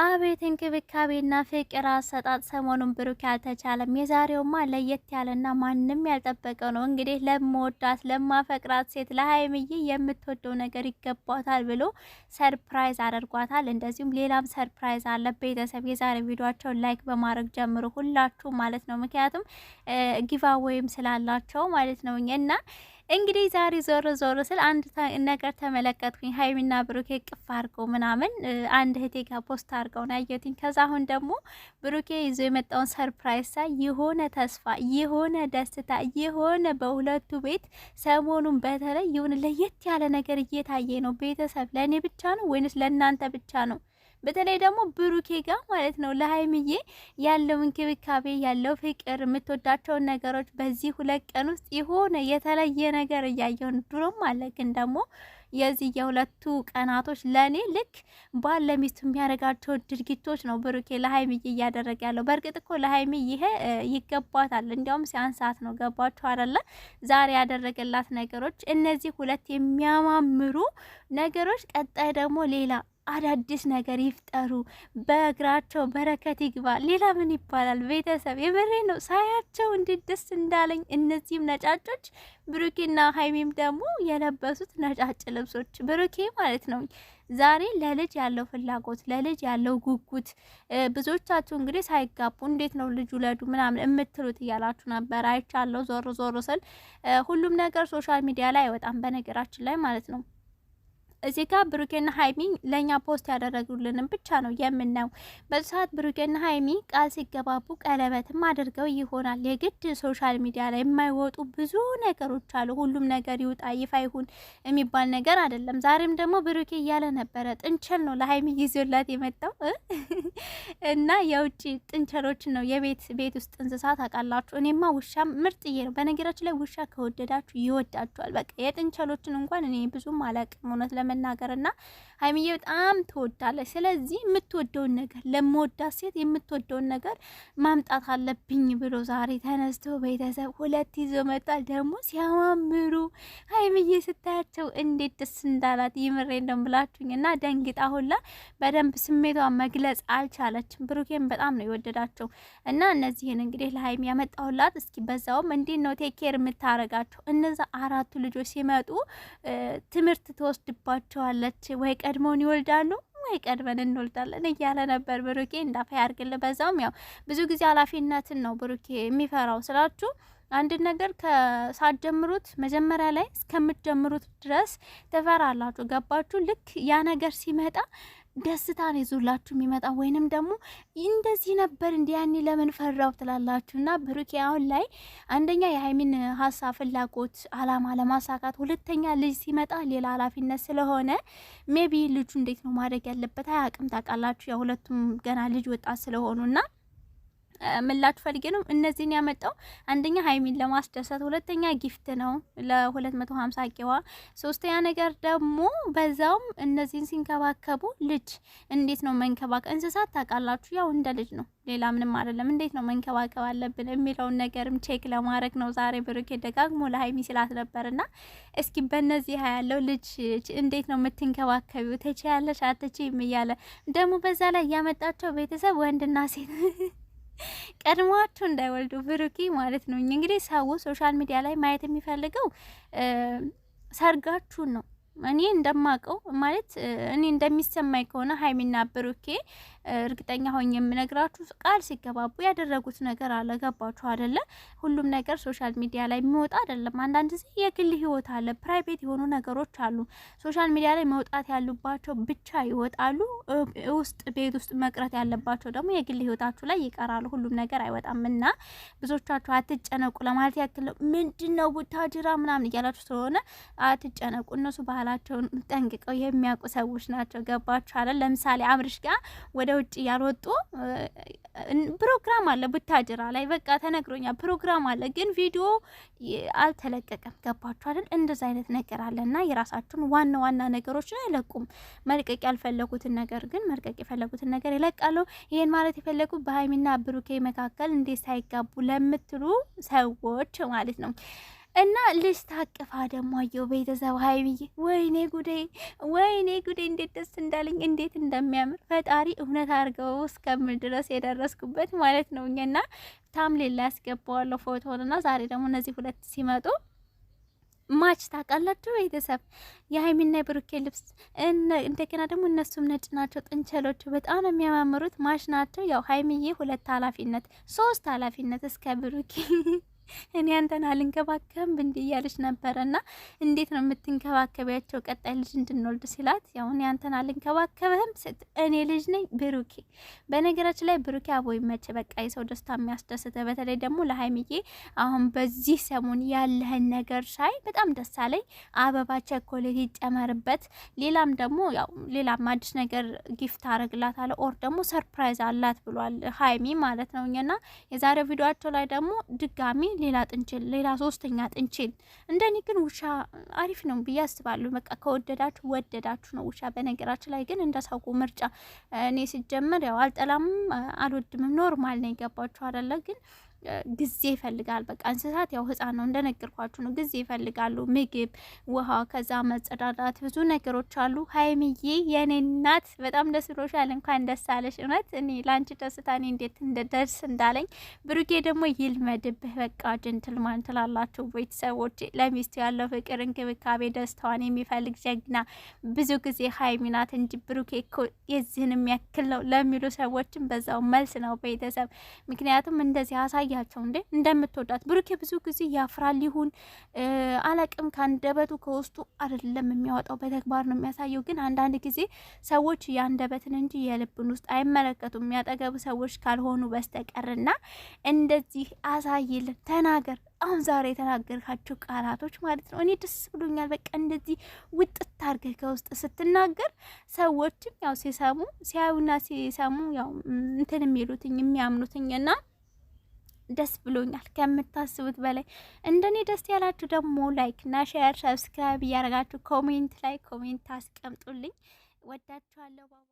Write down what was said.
አቤት እንክብካቤና ፍቅር አሰጣጥ ሰሞኑን ብሩክ አልተቻለም። የዛሬውማ ለየት ያለና ማንም ያልጠበቀው ነው። እንግዲህ ለመወዳት ለማፈቅራት ሴት ለሀይምዬ የምትወደው ነገር ይገባታል ብሎ ሰርፕራይዝ አድርጓታል። እንደዚሁም ሌላም ሰርፕራይዝ አለ። ቤተሰብ የዛሬ ቪዲዮቸውን ላይክ በማድረግ ጀምሮ ሁላችሁ ማለት ነው። ምክንያቱም ጊቫ ወይም ስላላቸው ማለት ነው እና እንግዲህ ዛሬ ዞር ዞር ስል አንድ ነገር ተመለከትኩኝ። ሀይሚና ብሩኬ ቅፍ አርገው ምናምን አንድ እህቴ ጋር ፖስት አርገው ነው ያየሁትኝ። ከዛ አሁን ደግሞ ብሩኬ ይዞ የመጣውን ሰርፕራይዝ ሳይ የሆነ ተስፋ፣ የሆነ ደስታ፣ የሆነ በሁለቱ ቤት ሰሞኑን በተለይ ይሁን ለየት ያለ ነገር እየታየ ነው። ቤተሰብ ለእኔ ብቻ ነው ወይንስ ለእናንተ ብቻ ነው? በተለይ ደግሞ ብሩኬ ጋር ማለት ነው ለሀይምዬ ያለው እንክብካቤ ያለው ፍቅር የምትወዳቸውን ነገሮች በዚህ ሁለት ቀን ውስጥ የሆነ የተለየ ነገር እያየውን ድሮም አለ ግን ደግሞ የዚህ የሁለቱ ቀናቶች ለእኔ ልክ ባል ለሚስቱ የሚያደርጋቸው ድርጊቶች ነው ብሩኬ ለሀይሚዬ እያደረገ ያለው። በእርግጥ እኮ ለሀይሚ ይሄ ይገባታል፣ እንዲያውም ሲያንሳት ነው። ገባችሁ አይደለ? ዛሬ ያደረገላት ነገሮች እነዚህ ሁለት የሚያማምሩ ነገሮች፣ ቀጣይ ደግሞ ሌላ አዳዲስ ነገር ይፍጠሩ፣ በእግራቸው በረከት ይግባ። ሌላ ምን ይባላል? ቤተሰብ የምሬ ነው። ሳያቸው እንዴት ደስ እንዳለኝ። እነዚህም ነጫጮች ብሩኬና ሀይሚም ደግሞ የለበሱት ነጫጭ ልብሶች ብሩኬ ማለት ነው። ዛሬ ለልጅ ያለው ፍላጎት ለልጅ ያለው ጉጉት፣ ብዙዎቻችሁ እንግዲህ ሳይጋቡ እንዴት ነው ልጅ ውለዱ ምናምን የምትሉት እያላችሁ ነበር። አይቻለሁ ዞር ዞር ስል ሁሉም ነገር ሶሻል ሚዲያ ላይ አይወጣም በነገራችን ላይ ማለት ነው እዚህ ጋር ብሩኬና ሀይሚ ለእኛ ፖስት ያደረጉልንም ብቻ ነው የምናየው። በዚህ ሰዓት ብሩኬና ሀይሚ ቃል ሲገባቡ ቀለበትም አድርገው ይሆናል። የግድ ሶሻል ሚዲያ ላይ የማይወጡ ብዙ ነገሮች አሉ። ሁሉም ነገር ይውጣ ይፋ ይሁን የሚባል ነገር አይደለም። ዛሬም ደግሞ ብሩኬ እያለ ነበረ። ጥንቸል ነው ለሀይሚ ይዞላት የመጣው እና የውጭ ጥንቸሎችን ነው የቤት ቤት ውስጥ እንስሳ አውቃላችሁ። እኔማ ውሻ ምርጥዬ ነው። በነገራችን ላይ ውሻ ከወደዳችሁ ይወዳችኋል። በቃ የጥንቸሎችን እንኳን እኔ ብዙም አላቅም እውነት ለመ ና ሀይሚዬ በጣም ትወዳለች። ስለዚህ የምትወደውን ነገር ለምወዳት ሴት የምትወደውን ነገር ማምጣት አለብኝ ብሎ ዛሬ ተነስቶ ቤተሰብ ሁለት ይዞ መጣል። ደግሞ ሲያማምሩ ሀይሚዬ ስታያቸው እንዴት ደስ እንዳላት ይምሬ እንደም ብላችሁኝ እና ደንግጣ ሁላ በደንብ ስሜቷን መግለጽ አልቻለችም። ብሩኬን በጣም ነው የወደዳቸው እና እነዚህን እንግዲህ ለሀይሚ ያመጣሁላት እስኪ በዛውም እንዴት ነው ቴክ ኬር የምታረጋቸው እነዛ አራቱ ልጆች ሲመጡ ትምህርት ተወስድባቸው ትሰጣቸዋለች ወይ ቀድሞን ይወልዳሉ ወይ ቀድመን እንወልዳለን እያለ ነበር ብሩኬ። እንዳፋ ያርግል። በዛውም ያው ብዙ ጊዜ ኃላፊነትን ነው ብሩኬ የሚፈራው ስላችሁ አንድ ነገር ከሳትጀምሩት መጀመሪያ ላይ እስከምትጀምሩት ድረስ ትፈራላችሁ። ገባችሁ? ልክ ያ ነገር ሲመጣ ደስታን ይዞላችሁ የሚመጣ ወይንም ደግሞ እንደዚህ ነበር እንዲ ያኔ ለምን ፈራው ትላላችሁ። እና ብሩኬ አሁን ላይ አንደኛ የሀይሚን ሀሳብ፣ ፍላጎት፣ አላማ ለማሳካት፣ ሁለተኛ ልጅ ሲመጣ ሌላ ኃላፊነት ስለሆነ ሜቢ ልጁ እንዴት ነው ማድረግ ያለበት አያውቅም። ታውቃላችሁ፣ የሁለቱም ገና ልጅ ወጣት ስለሆኑና ምላችሁ ፈልጌ ነው እነዚህን ያመጣው። አንደኛ ሀይሚን ለማስደሰት፣ ሁለተኛ ጊፍት ነው ለ250 ቂዋ፣ ሶስተኛ ነገር ደግሞ በዛውም እነዚህን ሲንከባከቡ ልጅ እንዴት ነው መንከባከብ፣ እንስሳት ታውቃላችሁ፣ ያው እንደ ልጅ ነው ሌላ ምንም አይደለም። እንዴት ነው መንከባከብ አለብን የሚለውን ነገርም ቼክ ለማድረግ ነው። ዛሬ ብሩኬ ደጋግሞ ለሀይሚ ስላት ነበርና እስኪ በእነዚህ ያለው ልጅ እንዴት ነው የምትንከባከቢው? ተቼ ያለሽ አትቼ እያለ ደግሞ በዛ ላይ ያመጣቸው ቤተሰብ ወንድና ሴት ቀድሟችሁ እንዳይወልዱ ብሩኪ ማለት ነው። እንግዲህ ሰው ሶሻል ሚዲያ ላይ ማየት የሚፈልገው ሰርጋችሁን ነው። እኔ እንደማቀው ማለት እኔ እንደሚሰማኝ ከሆነ ሀይሚና ብሩኬ እርግጠኛ ሆኜ የምነግራችሁ ቃል ሲገባቡ ያደረጉት ነገር አለ። ገባችሁ አይደለ? ሁሉም ነገር ሶሻል ሚዲያ ላይ የሚወጣ አይደለም። አንዳንድ ጊዜ የግል ህይወት አለ፣ ፕራይቬት የሆኑ ነገሮች አሉ። ሶሻል ሚዲያ ላይ መውጣት ያሉባቸው ብቻ ይወጣሉ። ውስጥ ቤት ውስጥ መቅረት ያለባቸው ደግሞ የግል ህይወታችሁ ላይ ይቀራሉ። ሁሉም ነገር አይወጣም እና ብዙዎቻችሁ አትጨነቁ ለማለት ያክል ምንድን ነው ቡታጅራ ምናምን እያላችሁ ስለሆነ አትጨነቁ እነሱ ባህል ባህላቸውን ጠንቅቀው የሚያውቁ ሰዎች ናቸው። አለ። ለምሳሌ አብርሽ ጋር ወደ ውጭ ያልወጡ ፕሮግራም አለ ቡታጅራ ላይ በቃ ተነግሮኛል። ፕሮግራም አለ ግን ቪዲዮ አልተለቀቀም። ገባችኋል? እንደዚ አይነት ነገር አለና የራሳቸውን ዋና ዋና ነገሮችን አይለቁም። መልቀቅ ያልፈለጉትን ነገር ግን መልቀቅ የፈለጉትን ነገር ይለቃሉ። ይህን ማለት የፈለጉ በሀይሚና ብሩኬ መካከል እንዴት ሳይጋቡ ለምትሉ ሰዎች ማለት ነው እና ልጅ ታቅፋ ደግሞ አየው ቤተሰብ ሀይሚዬ፣ ወይኔ ጉዴ፣ ወይኔ ጉዴ፣ እንዴት ደስ እንዳለኝ እንዴት እንደሚያምር ፈጣሪ እውነት አድርገው እስከምል ድረስ የደረስኩበት ማለት ነው። እኛና ታምሌላ ያስገባዋለሁ ፎቶንና ዛሬ ደግሞ እነዚህ ሁለት ሲመጡ ማች ታውቃላችሁ ቤተሰብ የሀይሚና የብሩኬ ልብስ እንደገና ደግሞ እነሱም ነጭ ናቸው። ጥንቸሎቹ በጣም ነው የሚያማምሩት። ማች ናቸው። ያው ሀይሚዬ ሁለት ኃላፊነት ሶስት ኃላፊነት እስከ ብሩኬ እኔ አንተን አልንከባከብም እንዲ እያለች ነበረ እና እንዴት ነው የምትንከባከቢያቸው ቀጣይ ልጅ እንድንወልድ ሲላት፣ ያው እኔ አንተን አልንከባከብህም ስት እኔ ልጅ ነኝ ብሩኬ። በነገራችን ላይ ብሩኬ አቦ ይመች፣ በቃ የሰው ደስታ የሚያስደስተ በተለይ ደግሞ ለሀይሚዬ አሁን በዚህ ሰሞን ያለህን ነገር ሳይ በጣም ደስ አለኝ። አበባ ቸኮሌት ይጨመርበት፣ ሌላም ደግሞ ያው ሌላም አዲስ ነገር ጊፍት አረግላት አለ ኦር ደግሞ ሰርፕራይዝ አላት ብሏል ሀይሚ ማለት ነው። እኛና የዛሬ ቪዲዮቸው ላይ ደግሞ ድጋሚ ሌላ ጥንችል፣ ሌላ ሶስተኛ ጥንችል። እንደኔ ግን ውሻ አሪፍ ነው ብዬ አስባለሁ። በቃ ከወደዳችሁ ወደዳችሁ ነው ውሻ። በነገራችን ላይ ግን እንደሳውቁ ምርጫ እኔ ሲጀመር ያው አልጠላም አልወድምም ኖርማል ነው። የገባችሁ አይደለ ግን ጊዜ ይፈልጋል። በቃ እንስሳት ያው ህፃን ነው እንደነገርኳችሁ ነው። ጊዜ ይፈልጋሉ፣ ምግብ፣ ውሃ፣ ከዛ መጸዳዳት፣ ብዙ ነገሮች አሉ። ሀይሚዬ የኔ እናት በጣም ደስ ብሎሻል፣ እንኳን ደስ አለሽ። እውነት እኔ ለአንቺ ደስታ እኔ እንዴት እንደደርስ እንዳለኝ። ብሩጌ ደግሞ ይልመድብህ፣ በቃ ጀንትልማን ትላላችሁ ቤተሰቦች። ለሚስቱ ያለው ፍቅር፣ እንክብካቤ፣ ደስታዋን የሚፈልግ ጀግና ብዙ ጊዜ ሀይሚ ናት እንጂ ብሩኬ እኮ የዚህን የሚያክል ነው ለሚሉ ሰዎችም በዛው መልስ ነው ቤተሰብ። ምክንያቱም እንደዚህ አሳይ አሳያቸው እንዴ እንደምትወዳት። ብሩኬ ብዙ ጊዜ ያፍራል ይሁን አላቅም፣ ከአንደበቱ ከውስጡ አይደለም የሚያወጣው በተግባር ነው የሚያሳየው። ግን አንዳንድ ጊዜ ሰዎች የአንደበትን እንጂ የልብን ውስጥ አይመለከቱም የሚያጠገቡ ሰዎች ካልሆኑ በስተቀርና እንደዚህ አሳይልን፣ ተናገር አሁን ዛሬ የተናገርካቸው ቃላቶች ማለት ነው። እኔ ደስ ብሎኛል። በቃ እንደዚህ ውጥት አድርገህ ከውስጥ ስትናገር ሰዎችም ያው ሲሰሙ ሲያዩና ሲሰሙ ያው እንትን የሚሉትኝ የሚያምኑትኝ የሚያምኑትኝና ደስ ብሎኛል ከምታስቡት በላይ። እንደኔ ደስ ያላችሁ ደግሞ ላይክ እና ሼር፣ ሰብስክራይብ እያደረጋችሁ ኮሜንት ላይ ኮሜንት አስቀምጡልኝ። ወዳችኋለሁ።